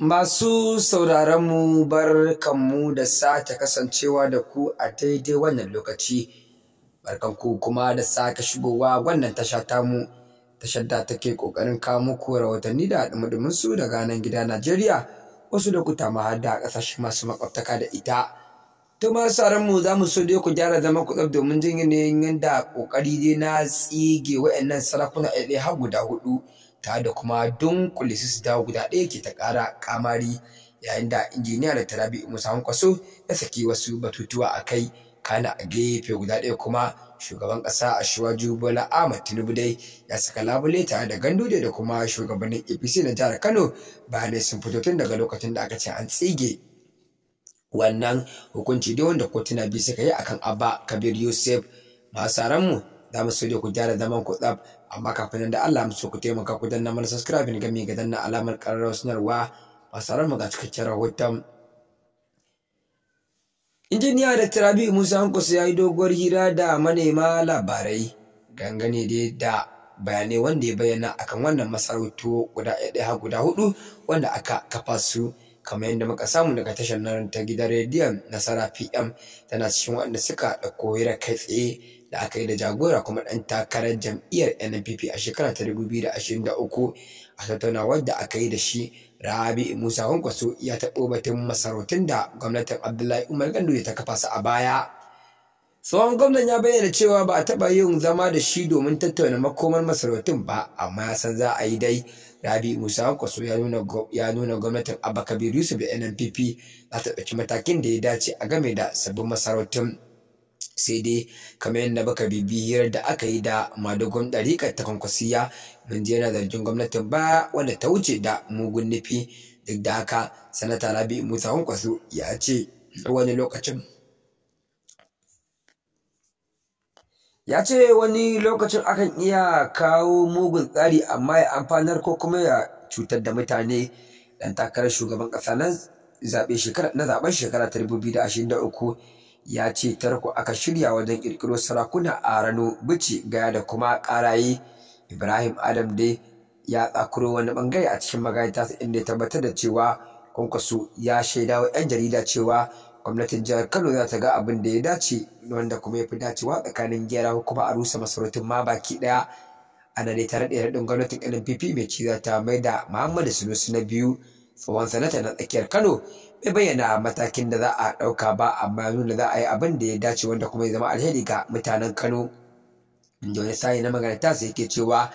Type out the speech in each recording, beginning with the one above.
Masu sauraronmu bar kanmu da sake kasancewa da ku a daidai wannan lokaci, barkanku kuma da sake shigowa wannan tasha tamu, tashar da take ƙoƙarin kawo muku rahotanni da haɗin su daga nan gida Najeriya, wasu lokuta ma har da ƙasashe masu makwabtaka da ita. To masu sauranmu za mu so dai ku gyara zama ku domin jin yanayin yadda ƙoƙari dai na tsige waɗannan sarakuna ɗaya har guda huɗu. ta da kuma dunkule dawo guda ɗaya ke ta ƙara kamari yayin da injiniya da tarabi musa kwaso ya saki wasu batutuwa a kai kana a gefe guda ɗaya kuma shugaban ƙasa a shiwaju bola ahmad tinubu dai ya saka labule tare da gandude da kuma shugabannin apc na jihar kano bayanai sun fito tun daga lokacin da aka ce an tsige wannan hukunci dai wanda kotuna biyu suka yi akan abba kabir yusuf masaranmu mu za mu so ku gyara zaman ku tsaf amma kafin nan da Allah musu ku taimaka ku danna mana subscribe ga mi ga danna alamar ƙararrawar sanarwa ba sarar mu ga cikakken rahoton injiniya da tirabi musa hankus ya yi doguwar hira da manema labarai gangane dai da bayanai wanda ya bayyana akan wannan masarautu guda ɗaya guda hudu wanda aka kafa su kamar yadda muka samu daga tashar nan ta gidan rediyon nasara pm tana cikin waɗanda suka ɗauko hira kai tsaye da aka yi da jagora kuma ɗan takarar jam'iyyar npp a shekara ta dubu biyu da ashirin da uku a tattaunawar da aka yi da shi rabi musa kwankwaso ya taɓo batun masarautun da gwamnatin abdullahi umar gandu ta kafa su a baya tsohon gwamnan ya bayyana cewa ba a taɓa yin zama da shi domin tattauna makomar masarautun ba amma ya san za a yi dai rabi musa kwaso ya nuna gwamnatin abba kabir yusuf da nnpp za ta ɗauki matakin da ya dace a game da sabbin masarautun sai dai kamar yadda baka bibiyar da aka yi da madogon ɗarika ta kwankwasiya mun je yana zargin gwamnatin ba wanda ta wuce da mugun nufi duk da haka sanata rabi musa kwankwaso ya ce wani lokacin ya ce wani lokacin akan iya kawo mugun tsari amma ya amfanar ko kuma ya cutar da mutane dan takarar shugaban kasa na zaɓen shekara ta dubu da ashirin da uku ya ce tarko aka shirya wajen ƙirƙiro sarakuna a rano bici gaya da kuma ƙaraye. ibrahim adam dai ya tsakuro wani bangare a cikin magana inda ya tabbatar da cewa kwankwaso ya shaidawa 'yan jarida cewa gwamnatin jihar kano za ta ga abin da ya dace wanda kuma ya fi dacewa tsakanin gyara hukuma a rusa masarautun ma baki daya nan dai tare da raɗin gwamnatin nnpp mai ci za ta mai da muhammadu sunusu na biyu tsohon sanata na tsakiyar kano bai bayyana matakin da za a ɗauka ba amma nuna za a yi abin da ya dace wanda kuma ya zama alheri ga mutanen kano da wani sayi na magana ta sai yake cewa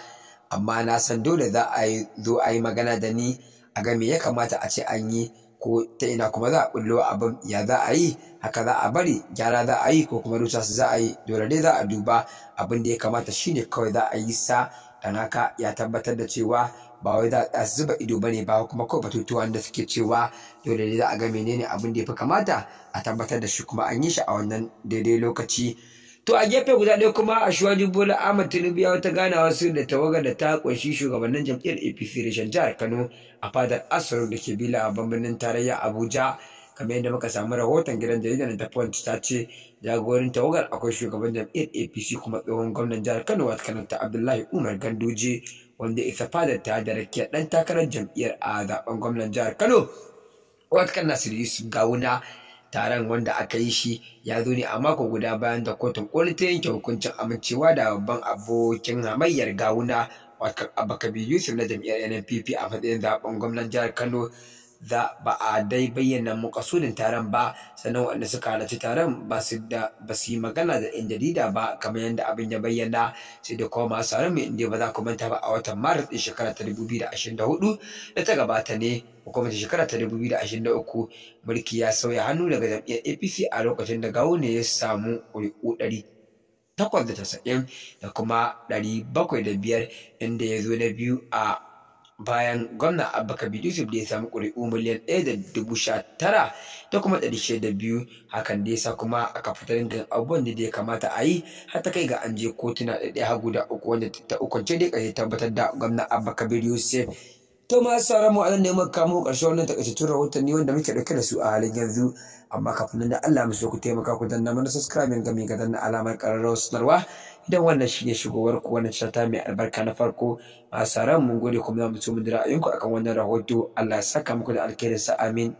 amma na san dole za a zo a yi magana da ni a ga me ya kamata a ce an yi ko ta ina kuma za a bullo abin ya za a yi haka za a bari gyara za a yi ko kuma rusa su za a yi dole dai za a duba abin da ya kamata shi ne kawai za a yi sa dan haka ya tabbatar da cewa ba wai za a zuba ido bane ba kuma kawai batutuwan da suke cewa dole dai za a ga menene abin da ya fi kamata a tabbatar da shi kuma an yi shi a wannan daidai lokaci to a gefe guda ɗaya kuma a shuwaju bola ahmad tinubu ya wata ganawa su da tawagar da ta kunshi shugabannin jam'iyyar apc reshen jihar kano a fadar asar da ke bila a bambanin tarayya abuja kamar yadda muka samu rahoton gidan jaridar da point ta ce jagorin tawagar akwai shugaban jam'iyyar apc kuma tsohon gwamnan jihar kano wata ta abdullahi umar ganduje wanda isa fadar ta da rakiya dan takarar jam'iyyar a zaben gwamnan jihar kano wata kan nasiru yusuf gawuna taron wanda aka yi shi ya zo ne a mako guda bayan da kotun koli ta yanke hukuncin amincewa da babban abokin hamayyar gawuna wato abakabi yusuf na jam'iyyar nnpp a matsayin zaben gwamnan jihar kano Da ba a dai bayyana makasudin taron ba sannan waɗanda suka halarci taron ba su da ba yi magana da yan jarida ba kamar yadda abin ya bayyana sai da kuma masu tsaron mai inda ba za ku manta ba a watan maris ɗin shekara ta dubu biyu da ashirin da hudu da ta gabata ne hukumar shekara ta dubu biyu da ashirin da uku mulki ya sauya hannu daga jam'iyyar apc a lokacin da gawo ne ya samu ƙuri'u ɗari takwas da tasa'in da kuma ɗari bakwai da biyar inda ya zo na biyu a bayan gwamna abba kabir yusuf da ya samu ƙuri'u miliyan ɗaya da dubu sha tara da kuma ɗari shida biyu hakan da ya sa kuma aka fita dangin abubuwan da ya kamata a yi har ta kai ga an je kotuna ɗaya hagu da uku wanda ta uku ce dai ƙarshe tabbatar da gwamna abba kabir yusuf to ma sauran mu anan ne muka karshe ƙarshen wannan takaitattun rahotanni wanda muke ɗauke da su a halin yanzu amma kafin nan da Allah mu so ku taimaka ku danna mana subscribe ga mai ga danna alamar ƙararrawar sanarwa idan wannan shi ne shigowar ku wannan shata mai albarka na farko a sauran mun gode kuma za mu so mu da ra'ayinku akan wannan rahoto Allah ya saka muku da alkhairinsa amin